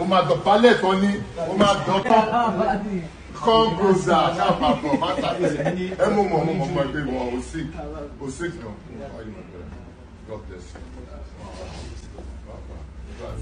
o máa dọ̀ palẹ̀ tán o máa dọ̀ tán kọ́ńgòzà náà papọ̀ ẹ mú mọ̀ mú mọ̀ pé wọn ò sí ò sí gan.